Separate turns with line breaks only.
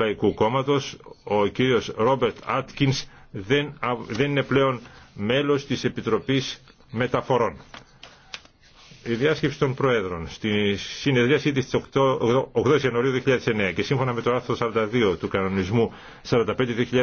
Λαϊκού Κόμματος, ο κύριος Ρόμπερτ Άτκινς δεν, δεν είναι πλέον μέλος της Επιτροπής Μεταφορών. Η διάσκεψη των Προέδρων στη συνεδρίασή της 8 Ιανουαρίου 2009 και σύμφωνα με το άρθρο
42 του κανονισμού 45